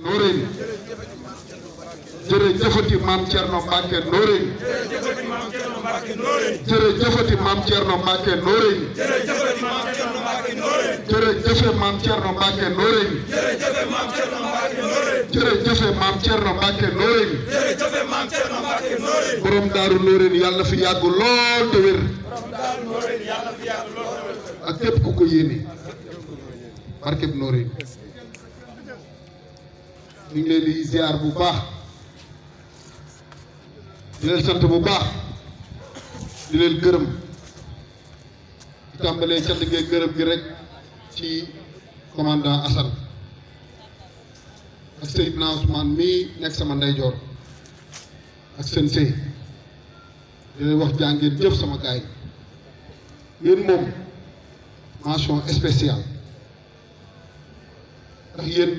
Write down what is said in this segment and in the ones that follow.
Noreyni jërëjëfati maam Thierno Mbacke Noreyni jërëjëfati maam yàlla fi yàgg lool te wér ak képp ku ko yéene barkeb Noreyni ñu ngi leen di ziar bu baax di leen sant bu baax di leen gërëm di tàmbalee cant gi gërëm gi rek ci commandant Assane ak Seydina Ousmane mii nekk sama ndeyjoor ak seen sëy di leen wax jàngeen jëf sama gaay yéen moom mention spéciale ndax yéen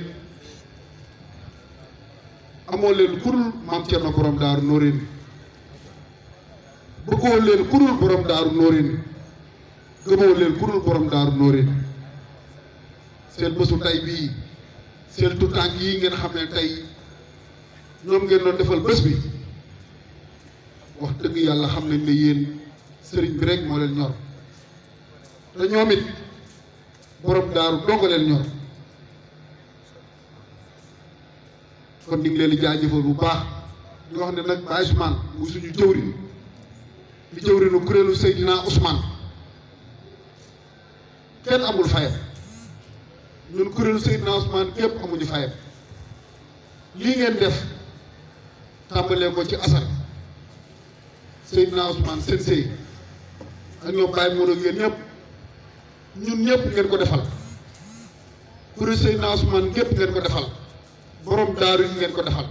amoo leen kurul maam Thierno borom daaru Norin bëggoo leen kurul borom daaru Norin gëmoo leen kurul borom daaru Norin seen bésu tay bii seen tutànk yi ngeen xam ne tey ñoom ngeen doon defal bés bi wax dëgg yàlla xam nañ ne yéen sëriñ bi rek moo leen ñor te ñoom it borom daaru dong leen ñor. kon ñu ngi leen di jaajëfal bu baax ñu wax ne nag Baye Ousmane mu suñu jëwriñ di jëwriñu kuréelu Seydina Ousmane kenn amul fayam ñun kuréelu Seydina Ousmane képp amuñu fayam lii ngeen def tàmbalee ci asar Seydina Ousmane seen sëy ak ñoom Baye Mourou ak yéen ñëpp ngeen ko defal kuréel Seydina Ousmane ñëpp ngeen ko defal. boroom daaru ñu leen ko defal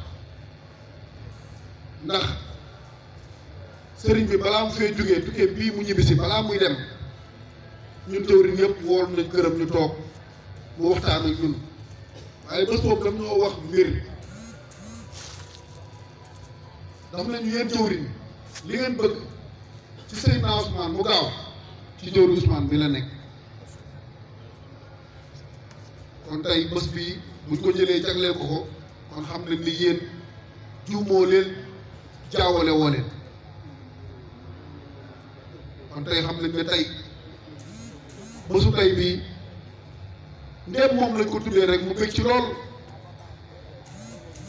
ndax sëriñ bi balaa mu fee jógee tukkee bii mu ñibbisi balaa muy dem ñun jëwriñ yëpp wool nañ këram ñu toog mu waxtaan ak ñun waaye bés boobu dam ñoo wax mbir daf nañu yéen jëwriñ li ngeen bëgg ci Seydina Ousmane mu gaaw ci jëwriñ Ousmane bi la nekk kon tey bés bii buñ ko jëlee jagleel ko ko kon xam nañ ni yéen juumoo leen jaawale woo leen kon tey xam nañ ne tey bésu tey bii ndéem moom lañ ko tuddee rek mu bëgg ci lool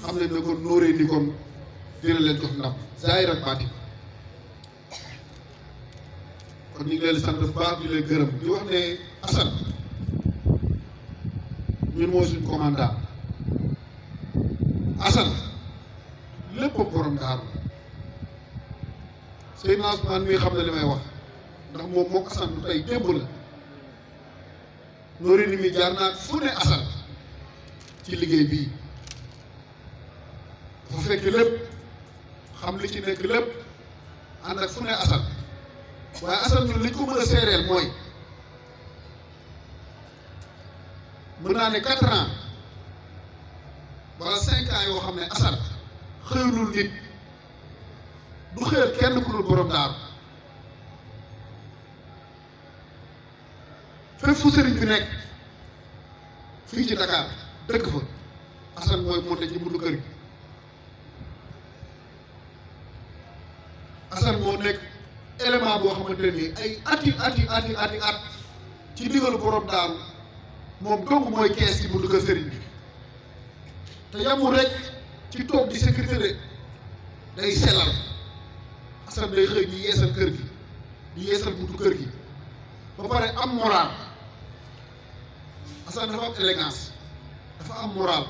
xam nañ ne ko nóoree ni kon dina leen jox ndam zaahir ak baatin kon ñu ngi leen sant bu baax di leen gërëm di wax ne Assane ñun mooy suñu commandant Assane lépp borom daaru Seydina Ousmane mi xam ne li may wax ndax moom moo Assane du tey démb la noori ni mi jaar naa fu ne Assane ci liggéey bi dafa fekk lépp xam li ci nekk lépp ànd ak fu ne Assane waaye Assane ñun liñ ko mën seereel mooy mën naa ne quatre ans wala cinq ans yoo xam ne asar xëyulul nit du xëyal kenn ku dul borom daaru fépp fu sëriñ bi nekk fii ci Dakar dëkk fa asar mooy monte ci buntu kër gi moo nekk élément boo xamante ni ay ati ati ati at ci ndigalu borom daaru moom dong mooy kees gi bu duggal sëriñ bi te yamul rek ci toog di secrétaire day selal asam day xëy di yeesal kër gi di yeesal buntu kër gi ba pare am moral asam dafa am élégance dafa am moral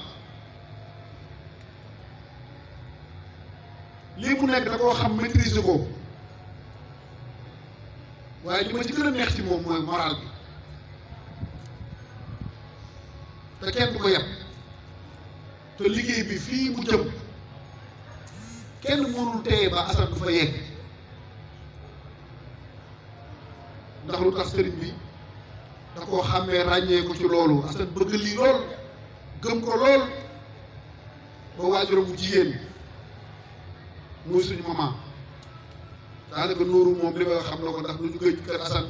lii mu nekk da xam maîtriser ko waaye li ma ci gën a neex ci moom mooy moral bi te kenn du ko yem te liggéey bi fii mu jëm kenn mënul téye ba asan du fa yegg ndax lu tax sëriñ bi da koo xàmmee ràññee ko ci loolu asan bëgg lii lool gëm ko lool ba waajuram mu jigéen muy suñu maman daanaka nooru moom li ma xam na ko ndax lu ñu gëj kër asan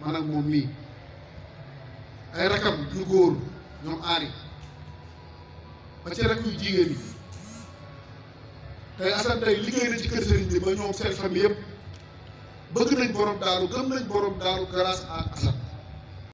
man ak moom mii ay rakam yu góor ñoom aari ba ci rek yu jigéen yi tey Assane tey liggéey na ci kër sëriñ bi ba ñoom seen famille yëpp bëgg nañ borom daaru gëm nañ borom daaru grâce à Assane